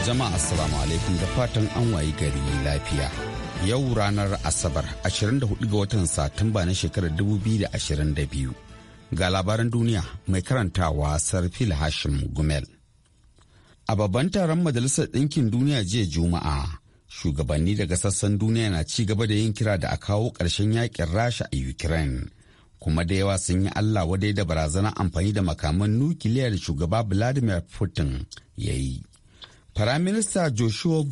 Jama'a Assalamu alaikum da fatan an wayi gari lafiya. Yau ranar Asabar 24 ga watan Satumba na shekarar 2022. Ga labaran duniya mai karantawa Sarfil Hashim Gumel. A babban taron Majalisar Ɗinkin Duniya jiya Juma'a, shugabanni daga sassan duniya na ci gaba da yin kira da a kawo ƙarshen yakin Rasha a Ukraine. kuma da yawa sun yi Allah wadai da barazanar amfani da makaman nukiliya da shugaba Vladimir Putin ya yi. Firaminista Joshua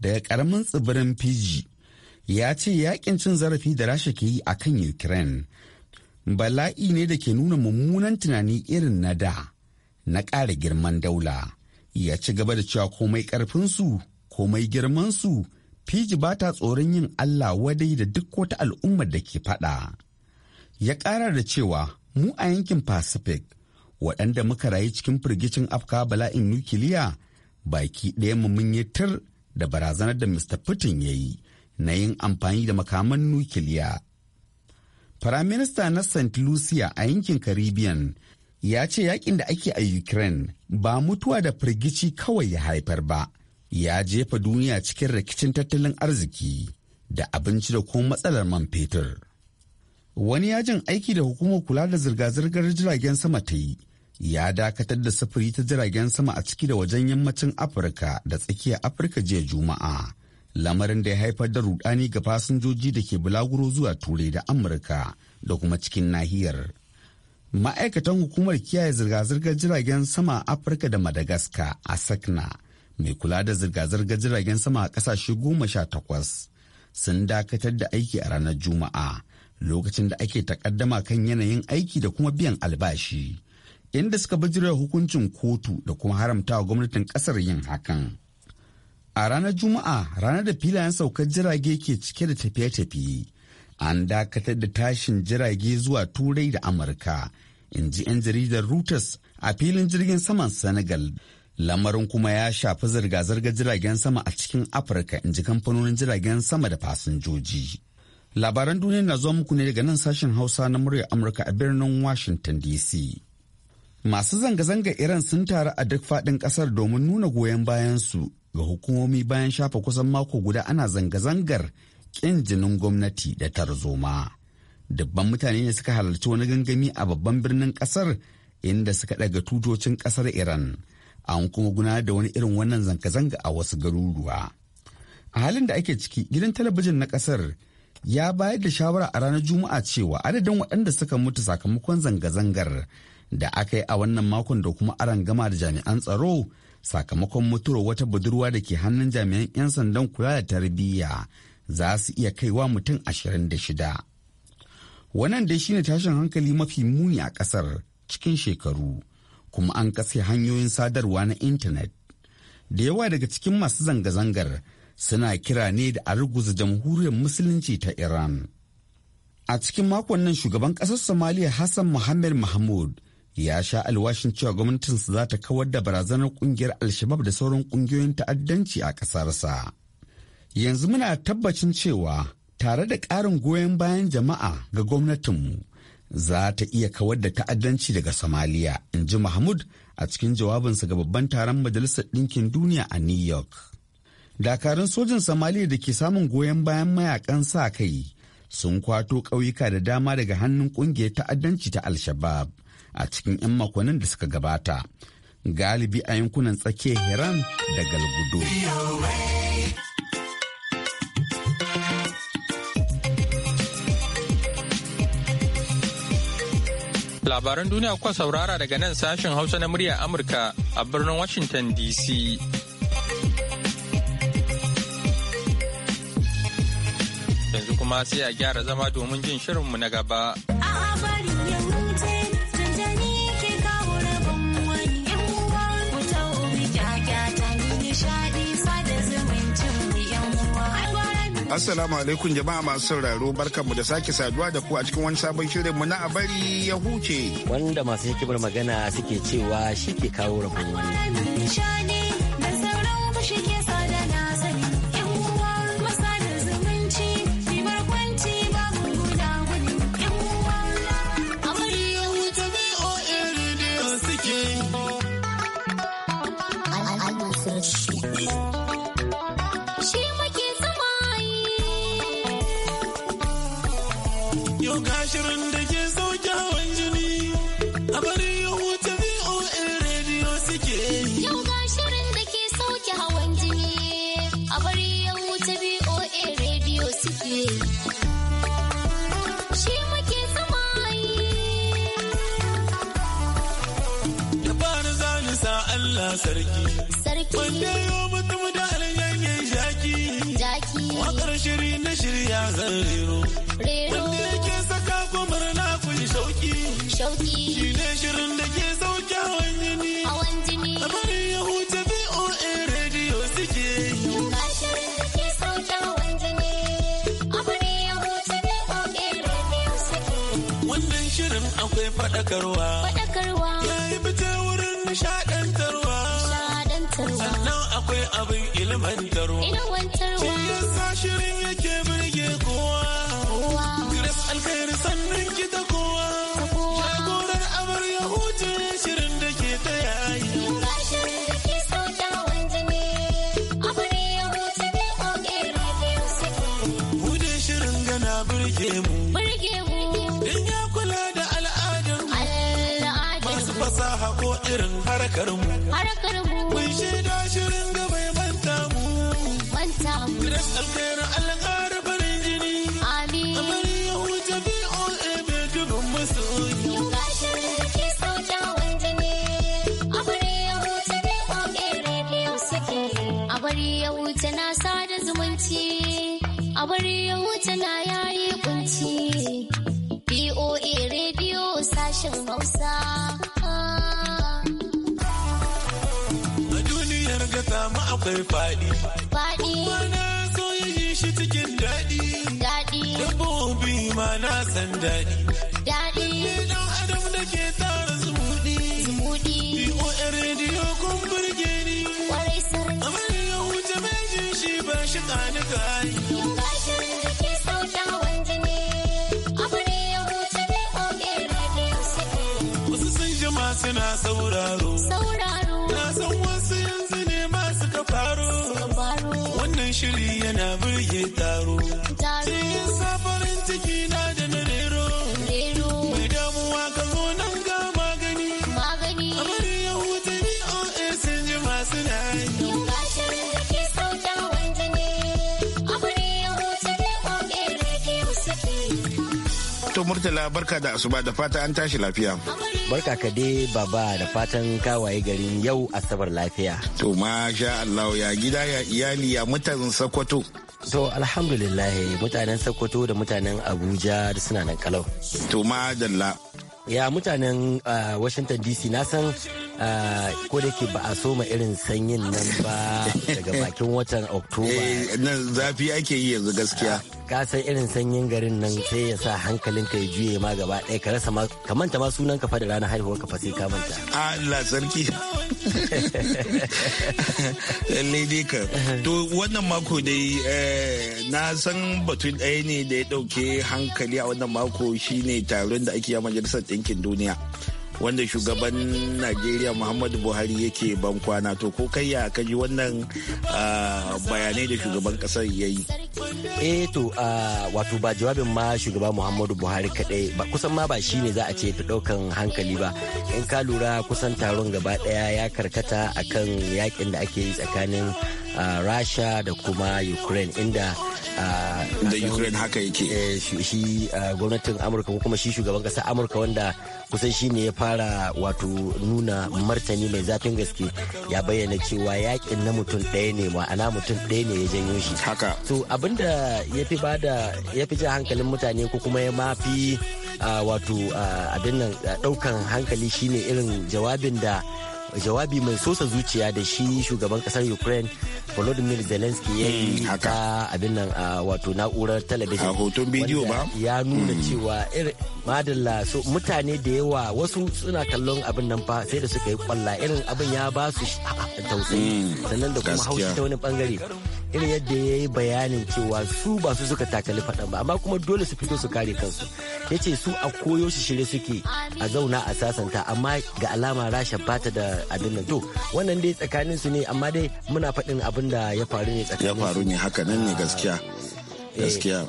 da ya karamin tsibirin Fiji ya ce yakin cin zarafi da rasha ke yi a kan Ukraine bala'i ne da ke nuna mummunan tunani irin na da na ƙara girman daula. Ya ci gaba da cewa komai ƙarfinsu, komai girmansu, Fiji ba ta tsoron yin Allah wadai da duk wata al'ummar da ke faɗa. Ya ƙara da cewa mu a yankin Pacific, waɗanda muka rayu cikin firgicin afka bala'in nukiliya baki ɗaya mu mun tar da barazanar da Mr. Putin ya yi na yin amfani da makaman nukiliya. Firaminista na St. Lucia a yankin Caribbean ya ce yakin da ake a Ukraine ba mutuwa da firgici kawai ya haifar ba, ya jefa duniya cikin rikicin tattalin arziki da abinci da kuma matsalar man fetur. Wani yajin aiki da hukumar kula da zirga-zirgar jiragen sama ta yi ya dakatar da sufuri ta jiragen sama a ciki da wajen yammacin afirka da tsakiyar afirka jiya juma'a lamarin da ya haifar da rudani ga fasinjoji da ke bulaguro zuwa turai da amurka da kuma cikin nahiyar ma'aikatan hukumar kiyaye zirga-zirgar jiragen sama a afirka da madagascar a sakna e mai kula da zirga-zirgar jiragen sama a kasashe goma sha takwas sun dakatar da aiki a ranar juma'a lokacin da ake takaddama kan yanayin aiki da kuma biyan albashi inda suka bijirar hukuncin kotu da kuma haramta wa gwamnatin kasar yin hakan. A ranar Juma'a ranar da filayen saukar jirage ke cike da tafiye-tafiye, an dakatar da tashin jirage zuwa Turai da Amurka, in ji 'yan jaridar Reuters a filin jirgin saman Senegal. Lamarin kuma ya shafi zirga-zirgar jiragen sama a cikin Afirka, in ji kamfanonin jiragen sama da fasinjoji. Labaran duniya na zuwa muku ne daga nan sashen Hausa na murya Amurka a birnin Washington DC. Masu zanga-zanga Iran sun taru a duk faɗin ƙasar domin nuna goyon bayansu ga hukumomi bayan shafa kusan mako guda ana zanga-zangar ƙin jinin gwamnati da tarzoma. Dubban mutane ne suka halarci wani gangami a babban birnin ƙasar inda suka ɗaga tutocin ƙasar Iran. An kuma guna da wani irin wannan zanga-zanga a wasu garuruwa. A halin da ake ciki, gidan talabijin na ƙasar ya bayar da shawara a ranar Juma'a cewa adadin waɗanda suka mutu sakamakon zanga-zangar da aka yi a wannan makon da kuma aron gama da jami'an tsaro sakamakon mutuwar wata budurwa da ke hannun jami'an 'yan sandan kula da tarbiyya za su iya kaiwa mutum ashirin da shida. wannan dai shine tashin hankali mafi muni a kasar cikin shekaru kuma an kase hanyoyin sadarwa na intanet da yawa daga cikin masu zanga-zangar suna kira ne da a ruguza jamhuriyar musulunci ta iran a cikin makon nan shugaban kasar somaliya hassan muhammad mahmud ya sha alwashin cewa gwamnatinsa za ta kawar da barazanar kungiyar alshabab da sauran kungiyoyin ta'addanci a ƙasarsa. Yanzu muna tabbacin cewa tare da ƙarin goyon bayan jama'a ga gwamnatinmu za ta iya kawar da ta'addanci daga Somalia, in ji Mahmud a cikin jawabinsa ga babban taron Majalisar Ɗinkin Duniya a New York. Dakarun sojin Somalia da ke samun goyon bayan mayakan sa kai sun kwato ƙauyuka da dama daga hannun ƙungiyar ta'addanci ta Alshabab. a cikin 'yan makonnin da suka gabata galibi a yankunan tsakiya Hiran da Galgudo. Labaran duniya kuwa saurara daga nan sashen Hausa na murya Amurka a birnin Washington DC. Yanzu kuma sai a gyara zama domin jin shirinmu na gaba. Assalamu alaikum jama'a masu sauraro barkanmu da sake saduwa da ku a cikin wani sabon shirin mu na a bari ya huce. Wanda masu hikimar magana suke cewa shi ke kawo rahotanni. to gashirin da ke sauke hawan jini a bari ya huta VOA radio suke yi. Yau gashirin da ke sauke hawan jini a bari ya huta VOA radio suke Shi sama yi. Allah sarki. Sarki. Wanda yau mutum da alyanyen shaki. Jaki. Wakar shiri na shirya zan rero. Rero. shauki. Shi ne shirin da ke sauke hawan jini. Hawan jini. A bari ya huta VOA rediyo suke yi. Ga shirin da ke sauke hawan jini. A ya huta VOA rediyo suke yi. Wannan shirin akwai faɗakarwa. Faɗakarwa. Ya yi fita wurin nishaɗantarwa. Nishaɗantarwa. Sannan akwai abin ilmantarwa. Ilmantarwa. Shi yasa shirin Hausa. A duniyar gata akwai faɗi. Faɗi. Kwana so yi shi cikin daɗi. Daɗi. Dabbobi ma na san daɗi. Daɗi. Ɗan adam da ke tara zumuɗi. Zumuɗi. BOA rediyo kun burge ni. Kwarai sarki. Amma yau jama'a shi ba shi ƙani shiri yana burge taro. Cikin safarin ciki na da na To Murtala barka da asuba da fata an tashi lafiya. Barka ka dai baba da fatan kawaye garin yau asabar lafiya. To masha Allah ya gida ya iyali ya mutanen Sokoto. To alhamdulillah mutanen Sokoto da mutanen Abuja da suna nan kalau. To Dalla. Ya mutanen ah, Washington DC na san Ah, ko da ke ba a soma irin sanyin nan ba daga bakin watan oktoba eh, nan zafi ake yi yanzu gaskiya ah, ka san irin sanyin garin nan sai ya sa hankalin ka ya juye ma gaba ɗaya ka rasa ka manta ma sunan ka fa da ranar haihuwar ka fa sai ka manta Allah sarki lalle dai ka to wannan mako dai eh, na san batun ɗaya ne da ya ɗauke hankali a wannan mako shine taron da ake yi a majalisar ɗinkin duniya wanda shugaban najeriya muhammadu buhari yake ban kwana to ko kai ya kaji wannan ah, bayanai da shugaban kasar ya yi eh to ah, wato ba jawabin ma shugaba muhammadu buhari kadai ba kusan ma ba shi ne za a ce ta daukan hankali ba in ka lura kusan taron gaba daya ya karkata akan yakin da ake yi tsakanin Uh, Russia da kuma ukraine inda uh, da ukraine haka yake eh, shi uh, gwamnatin amurka ko kuma shi shugaban kasa. amurka wanda kusan shi ne ya fara wato nuna martani mai zafin gaske ya bayyana cewa yakin na mutum ɗaya ne ma'ana mutum ɗaya ne ya janyo shi haka to abinda ya fi bada ya fi jan hankalin mutane ko kuma ya mafi wato abin nan daukan hankali shine irin jawabin da jawabi mai sosa zuciya da shi shugaban kasar ukraine volodymyr zelensky ya yi hmm, ta abin nan a wato na'urar talabijin a hoton bidiyo ba ya nuna hmm. cewa irin madalla so mutane da yawa wasu suna kallon abin nan fa sai da suka yi kwalla irin abin ya ba su tausayi hmm, sannan da kuma haushi ta wani bangare irin yadda ya yi bayanin cewa su ba su suka takali faɗan ba amma kuma dole su fito su kare kansu ya ce su a koyo su shirye suke a zauna a sasanta amma ga alama rasha ba ta da abin nan to wannan dai tsakanin su ne amma dai muna faɗin abin da ya faru ne tsakanin ya faru ne haka nan ne ah, gaskiya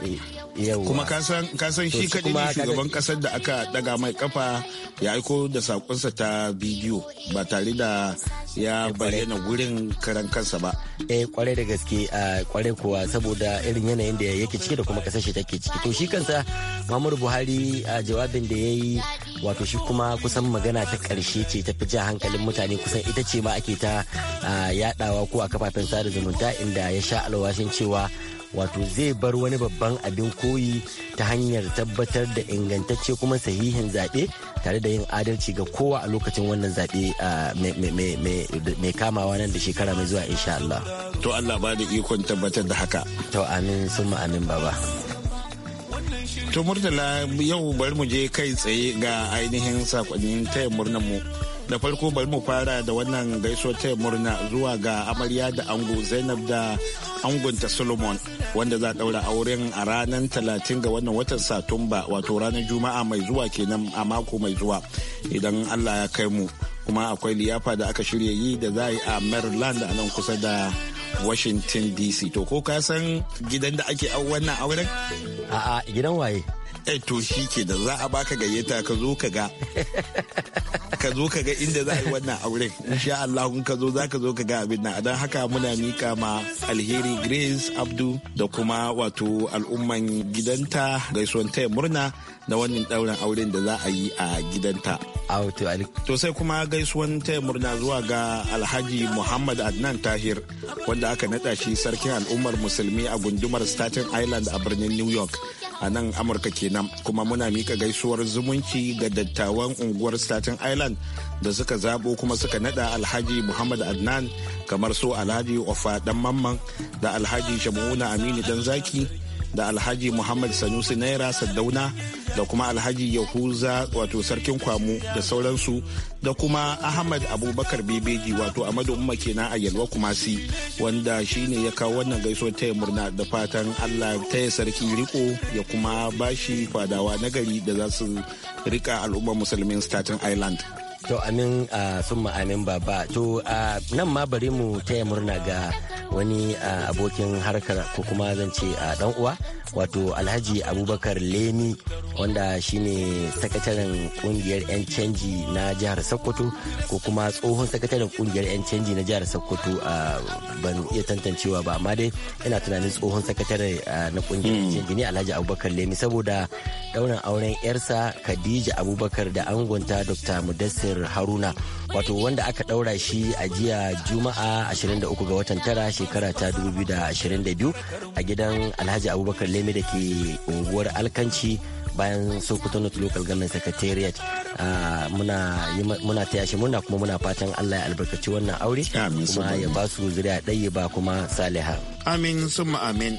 eh, eh. kuma kasan shi kadi ne shugaban kasar da aka daga mai kafa ya aiko da sakonsa ta bidiyo ba tare da ya eh, bayyana gurin karan kansa ba eh kwarai da gaske a kwarai kuwa saboda irin yanayin da yake ciki da kuma kasar shi take ciki to shi kansa Muhammadu Buhari a jawabin da yayi wato shi kuma kusan magana ta karshe ce ta fi jan hankalin mutane kusan ita ce ma ake ta yadawa ko a kafafen sada zumunta inda ya sha alwashin cewa wato zai bar wani babban abin koyi ta hanyar tabbatar da ingantacce kuma sahihin zaɓe tare da yin adalci ga kowa a lokacin wannan zaɓe mai kamawa nan da shekara mai zuwa insha Allah. To Allah ba da ikon tabbatar da haka. To amin sun amin baba. To Murtala yau bari mu je kai tsaye ga ainihin sakonnin taya murnar mu. Da farko bari mu fara da wannan gaisuwar taya murna zuwa ga amarya da ango Zainab da angunta solomon wanda za a daura auren a ranar talatin ga wannan watan satumba wato ranar juma'a mai zuwa kenan a mako mai zuwa idan allah ya kai mu kuma akwai liyafa da aka shirya yi da za a yi a maryland a nan kusa da washington dc to ko ka san gidan da ake wannan auren a'a gidan waye eh to shi ke da za a baka gayyata ka zo ka ga ka zo ka ga inda za a yi wannan aure insha Allah ka zo za ka zo ka ga abin nan don haka muna mika ma alheri Grace Abdu da kuma wato al'umman gidanta gaisuwan taya murna na wannan ɗaurin auren da za a yi a gidanta. To sai kuma gaisuwan taya murna zuwa ga Alhaji Muhammad Adnan Tahir wanda aka naɗa shi sarkin al'ummar musulmi a gundumar Staten Island a birnin New York a nan Amurka kenan. kenan kuma muna mika gaisuwar zumunci ga dattawan unguwar Staten Island da suka zabo kuma suka nada Alhaji Muhammad Adnan kamar so Alhaji Ofa dan Mamman da Alhaji sham'una Aminu dan Zaki da alhaji muhammad sanusi naira saddauna da kuma alhaji yahuza wato sarkin kwamu da sauransu da kuma ahmad abubakar bebeji wato amadu umma kenan a yalwa kumasi wanda shine ya kawo wannan gaisuwar taya murna da fatan allah taya sarki riko ya kuma bashi fadawa na gari da za su rika al'ummar musulmin staten island to amin sun ma'anin baba to nan ma bari mu taya murna ga wani abokin harkar ko kuma zan ce dan uwa wato alhaji abubakar lemi wanda shine sakataren kungiyar 'yan canji na jihar sokoto ko kuma tsohon sakataren kungiyar 'yan canji na jihar sokoto ban iya tantancewa ba amma dai ina tunanin tsohon sakatare na kungiyar 'yan canji ne alhaji abubakar lemi saboda daunan auren yarsa khadija abubakar da angonta dr mudassir haruna wato wanda aka daura shi a jiya juma'a 23 ga watan tara shekara ta 2022 a gidan alhaji abubakar leme da ke unguwar alkanci bayan sokoto north local government secretariat ah, muna ta shi muna kuma muna fatan allah ya albarkaci wannan aure kuma ya ba su zuriya ɗaya ba kuma saliha amin summa amin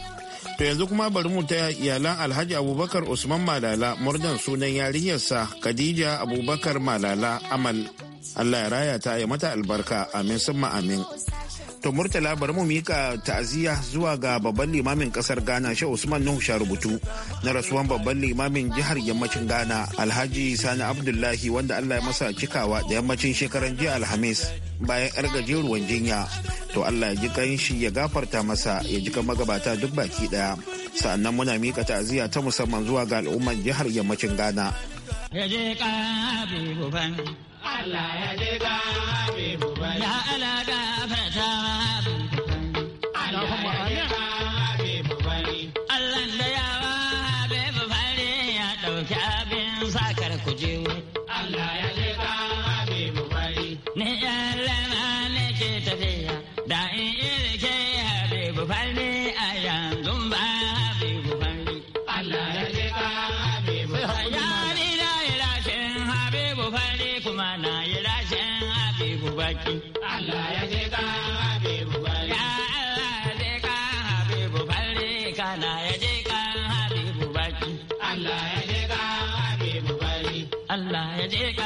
to yanzu kuma bari mu taya iyalan alhaji abubakar usman malala murnan sunan yarinyarsa khadija abubakar malala amal allah ya raya ta ya mata albarka amin summa amin To Murtala bari mu mika ta'aziyya zuwa ga babban limamin kasar Ghana Shehu Usman Nuhu Sharubutu na rasuwan babban limamin jihar yammacin Ghana Alhaji Sani Abdullahi wanda Allah ya masa cikawa da yammacin shekaran jiya Alhamis bayan yar gajeruwan jinya. To Allah ya ji shi ya gafarta masa ya ji magabata duk baki daya. Sa'annan muna mika ta'aziyya ta musamman zuwa ga al'umman jihar yammacin Ghana. Ya Allah ya je Ya baki. Allah ya je ka Habibu Bari. Ya Allah ya je ka Habibu Bari kana ya je ka Habibu baki. Allah ya je ka Habibu Bari. Allah ya je ka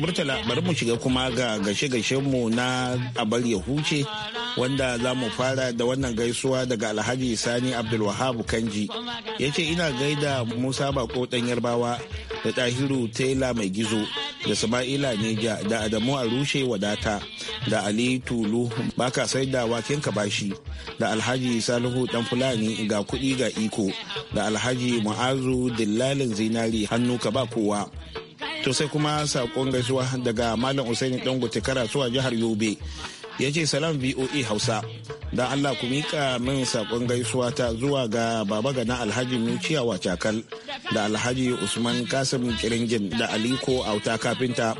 Murtala bari mu shiga kuma ga gashe mu na abar ya huce wanda za mu fara da wannan gaisuwa daga Alhaji Sani Abdulwahab Kanji. Ya ce ina gaida Musa Bako dan Yarbawa da Tahiru Tela Mai Gizo da Sama'ila Neja da Adamu a rushe Wadata da Ali Tulu baka sai da waken bashi da Alhaji Salihu Dan Fulani ga kuɗi ga iko da Alhaji Mu'azu Dillalin Zinari hannu ka ba kowa. to sai kuma sakon gaisuwa daga malam usaini gutikara zuwa jihar yobe ya ce salam voa hausa da allah ku miƙa min sakon gaisuwa ta zuwa ga baba gana alhaji nuciya cakal da alhaji usman kasim kiringin da aliko auta kafinta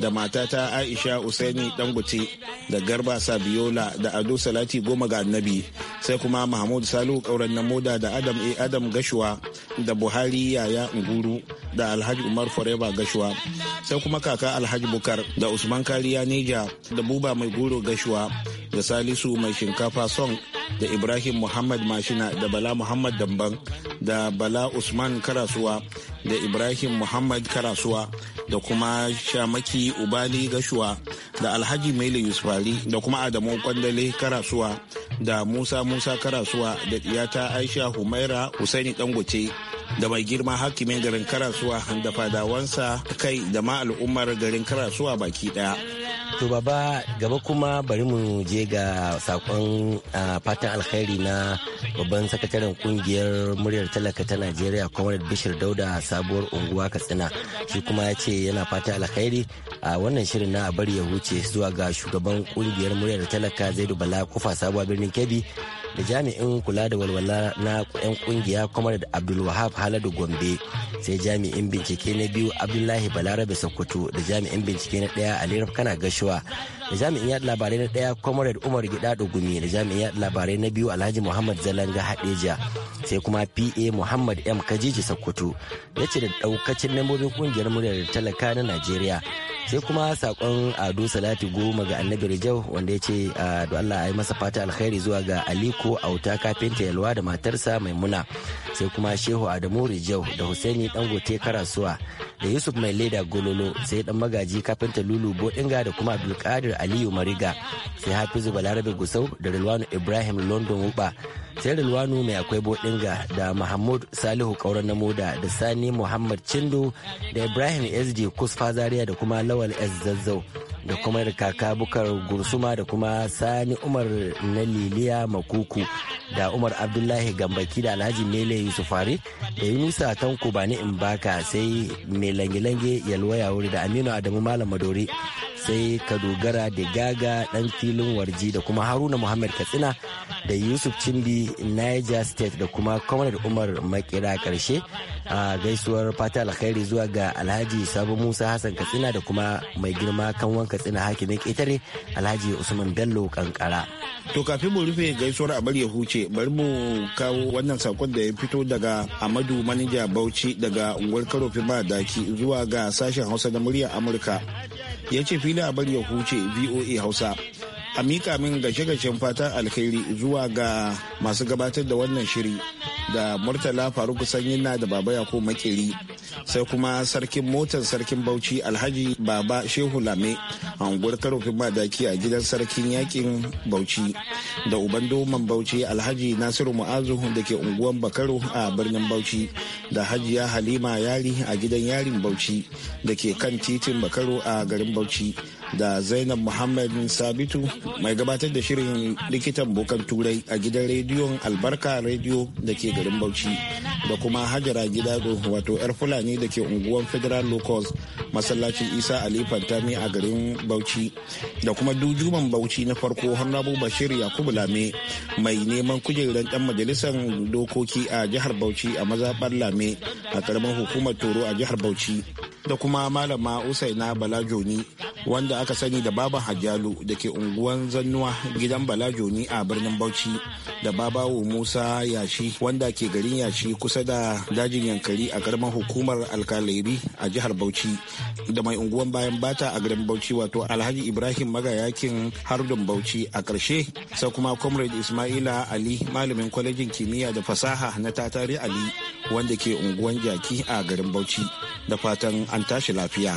da matata aisha usaini dangote da garba sabiola da ado salati goma ga annabi sai kuma mahmud salu kauran namoda da adam a adam gashuwa da buhari yaya nguru da alhaji umar foreba gashuwa sai kuma kaka alhaji bukar da usman kariya neja da buba mai goro gashuwa da salisu mai shinkafa song da ibrahim muhammad mashina da bala muhammad damban da bala usman karasuwa da ibrahim muhammad karasuwa da kuma shamaki ubali gashuwa da alhaji mele yusufari da kuma adamu kwandale karasuwa da musa musa karasuwa da diyata aisha humaira husaini dangote da mai girma hakimin garin karasuwa da fadawansa kai da ma al'ummar garin karasuwa baki daya To baba gaba kuma bari mu je ga sakon fatan alkhairi na babban sakataren kungiyar muryar talaka ta Najeriya Comrade Bishir Dauda sabuwar unguwa Katsina shi kuma ya ce yana fatan alkhairi a wannan shirin na bari ya huce zuwa ga shugaban kungiyar muryar talaka Zaidu Bala Kufa sabuwa birnin Kebbi da jami'in kula da walwala na 'yan kungiya kwamar da abdulwahab haladu gombe sai jami'in bincike na biyu abdullahi balarabe sokoto da jami'in bincike na daya alirab kana gashuwa da jami'in yada labarai na daya comrade umar gida gumi da jami'in yada labarai na biyu alhaji muhammad zalanga hadeja sai kuma pa muhammad m kajiji sokoto ya ce da daukacin membobin kungiyar muryar talaka na najeriya sai kuma sakon ado salati goma ga annabi rijau wanda ya ce da allah a yi masa fata alkhairi zuwa ga aliko auta kafinta yalwa da matarsa maimuna sai kuma shehu adamu rijau da husaini dangote karasuwa da yusuf mai leda gololo sai dan magaji kafinta lulu bodinga da kuma abdulkadir aliyu mariga sai hafizu balarabe gusau da rilwanu ibrahim london wuba sai Rilwanu mai akwai bodinga da Mahmud Salihu kauran na Moda da Sani Muhammad Chindo da Ibrahim SD Kusfa Zaria da kuma Lawal S Zazzau da kuma da kaka bukar gursuma da kuma sani umar na liliya makuku da umar abdullahi gambaki da alhaji mele yusufari da ba ni bani baka sai mai lange-lange ya wuri da aminu adamu malam madori sai ka dogara da gaga dan filin warji da kuma haruna muhammad katsina da yusuf cimbi niger state da kuma kwamanar umar makera karshe a gaisuwar fata alkhairi zuwa ga alhaji sabo musa hassan katsina da kuma mai girma wanka. katsina ne ƙetare alhaji usman bello kankara to kafin mu rufe gaisuwar abar ya huce bari mu kawo wannan sakon da ya fito daga amadu manija bauchi daga unguwar karofi ba daki zuwa ga sashen hausa da muryar amurka ya ce fili abar ya huce voa hausa a mika min gashe-gashen fata alkhairi zuwa ga masu gabatar da wannan shiri da murtala faruku na da baba yako makeri sai kuma sarkin motar sarkin bauchi alhaji baba shehu lame a unguwar karofin madaki a gidan sarkin yakin bauchi da uban doman bauchi alhaji nasiru mu'azu da ke unguwan bakaro a birnin bauchi da hajiya halima yari a gidan yarin bauchi da ke kan titin bakaro a garin bauchi da zainab muhammad sabitu mai gabatar da shirin likitan bokan turai a gidan rediyon albarka rediyo da ke garin bauchi da kuma hajara gidado wato yar fulani da ke unguwan federal locals masallacin isa ali fantami a garin bauchi da kuma dujuman bauchi na farko hannabu bashir yakubu lame mai neman kujerar dan majalisar dokoki a jihar bauchi a mazaɓar lame a karamin hukumar toro a jihar bauchi da kuma malama usaina joni. wanda aka sani da baba hajjalu da ke unguwan zannuwa gidan bala joni a birnin bauchi da babawo musa yashi wanda ke garin yashi kusa da dajin yankari a karamar hukumar alkalairi a jihar bauchi da mai unguwan bayan bata a garin bauchi wato alhaji ibrahim magayakin hardun bauchi a karshe sai kuma comrade ismaila ali malamin kwalejin kimiyya da fasaha na tatari ali wanda ke unguwan jaki a garin bauchi da fatan an tashi lafiya.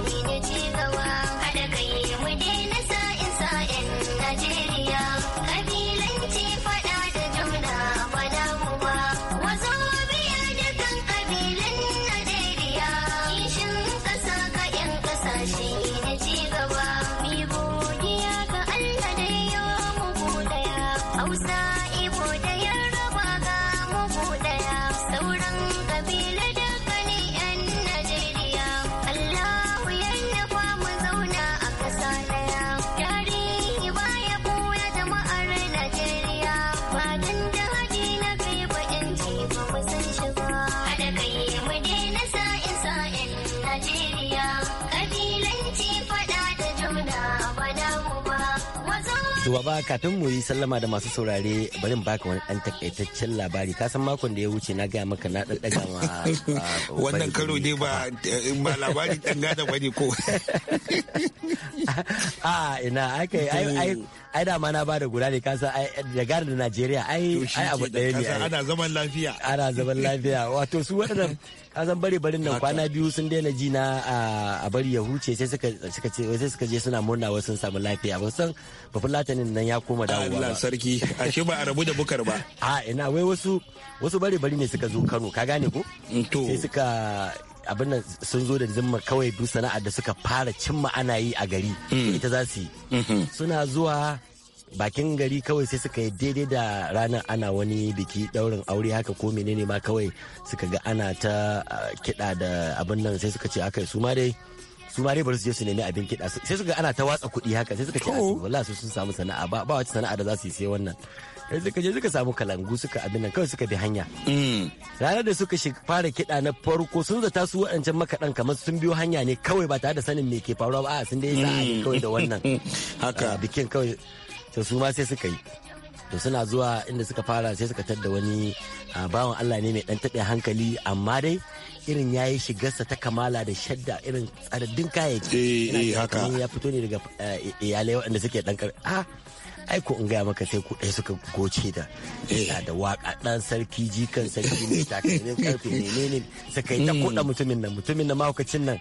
baba kafin mu yi sallama da masu saurare bari in baka wani dan takaitaccen labari ka san makon da ya wuce na gaya maka na daddaga ma ah, wannan karo ne ba eh, ba labari dan gada bane ko a ah, ina akai ai ai da ma na bada guda ne ka san da gara da Najeriya ai ai abu daya ne ana zaman lafiya ana zaman lafiya wato su waɗannan kazan bare barin nan kwana biyu sun daina ji na a bari ya huce sai suka ce sai suka je suna murna wasu sun samu lafiya ba san ba fulatanin nan ya koma dawowa Allah sarki ashe ba a rabu da bukar ba a ina wai wasu wasu bare bari ne suka zo Kano ka gane ko mm, to sai suka abin nan sun zo da zimma kawai duk sana'ar da suka fara cimma ana yi a gari mm. ita za su yi mm-hmm. suna zuwa bakin gari kawai sai suka yi daidai da ranar ana wani biki daurin aure haka ko menene ma kawai suka ga ana ta kiɗa da abin nan sai suka ce aka yi suma dai su ma dai bari su je su nemi abin kiɗa sai suka ana ta watsa kuɗi haka sai suka ce wallahi su sun samu sana'a ba ba wata sana'a da za su yi sai wannan sai suka je suka samu kalangu suka abin nan kawai suka bi hanya mm. ranar da suka fara kiɗa na farko sun zata su waɗancan makaɗan kamar sun biyo hanya ne kawai ba tare da sanin me ke faruwa ba a sun dai sa'a mm. ne kawai da wannan haka bikin kawai sai su ma sai suka yi to suna zuwa inda suka fara sai suka tadda wani bawan Allah ne mai dan taɓe hankali amma dai irin ya yi shigarsa ta kamala da shadda irin tsadaddin kayayyaki eh, eh haka ya fito ne daga iyalai waɗanda suke dan a aiko in gaya maka sai ku ɗaya suka goce da da eh. waka ɗan sarki jikan sarki ne takalmin karfe ne ne suka yi ta hmm. kuɗa mutumin nan mutumin nan mahaukacin nan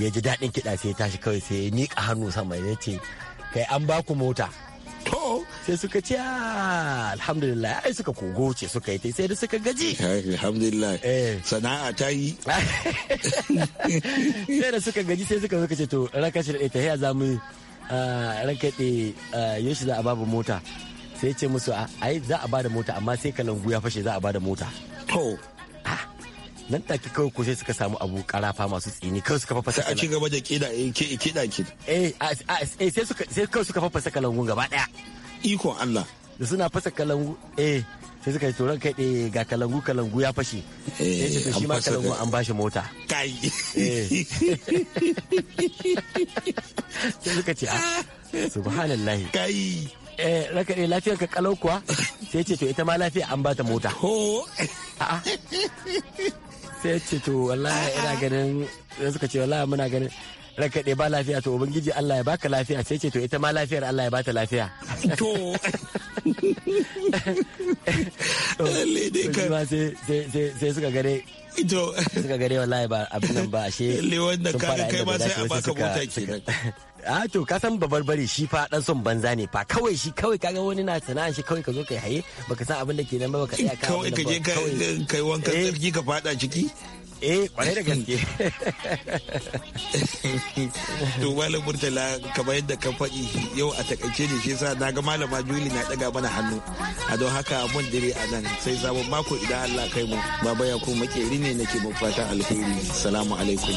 ya ji daɗin kiɗa sai ya tashi kawai sai ya nika hannu sama ya ce kai an baku mota to sai suka ce ah, alhamdulillah ai suka kogo ce suka yi sai da suka gaji alhamdulillah eh. sana'a ta yi sai da suka gaji sai suka suka ce to ranka shi da ta ya za mu ah, ranka ɗe ah, yoshi za a babu mota sai ce musu ai za a bada mota amma sai kalan guya fashe za a bada mota to nan take kawai ko sai suka samu abu karafa masu tsini kawai suka fafa sai a ci gaba da kida kida kida eh sai suka sai kawai suka fafa kalangun gaba daya ikon Allah da suna fasa kalangu eh sai suka yi tsoron kai da eh, ga kalangu kalangu ya fashe eh, sai ce shi ma kalangu an bashi mota kai eh. sai suka ce a ah, subhanallah kai eh raka ɗaya lafiyar ka kalau kuwa sai ce to ita ma lafiya an bata mota ho sai ya ce to wallahi ina ganin suka ce wallahi muna ganin raka ɗaya ba lafiya to ubangiji Allah ya baka lafiya sai ce to ita ma lafiyar Allah ya bata lafiya to sai suka gane ito suka gare wallahi ba abin nan ba ashe lewan da kaga kai ma sai a baka mota kenan a ah, to ka san babar bari shi fa dan son banza ne fa kawai shi kawai kaga wani na sana'an shi kawai ka zo kai haye baka san abin da ke nan ba baka tsaya kawai ka je kai wankan tsarki eh. ka fada ciki eh kwarai da gaske to malam murtala kamar yadda ka faɗi yau a takaice ne shi yasa na ga malama juli na daga mana hannu a don haka mun dire a nan sai sabon mako idan Allah kai mu baba ya ko makeri ne nake mu fatan alheri salamu alaikum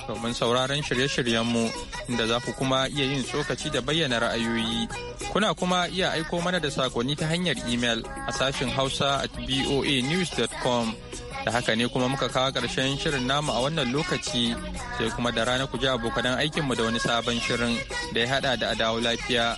domin sauraron shirye-shiryenmu inda za ku kuma iya yin tsokaci da bayyana ra'ayoyi. Kuna kuma iya aiko mana da sakonni ta hanyar imel a sashin hausa at com Da haka ne kuma muka kawo ƙarshen shirin namu a wannan lokaci sai kuma da rana ku ji abokanan aikinmu da wani sabon shirin da ya haɗa da dawo lafiya.